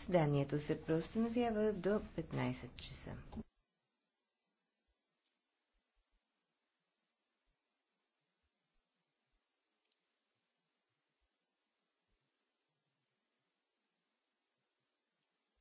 Заседанието се преустановява до 15 часа.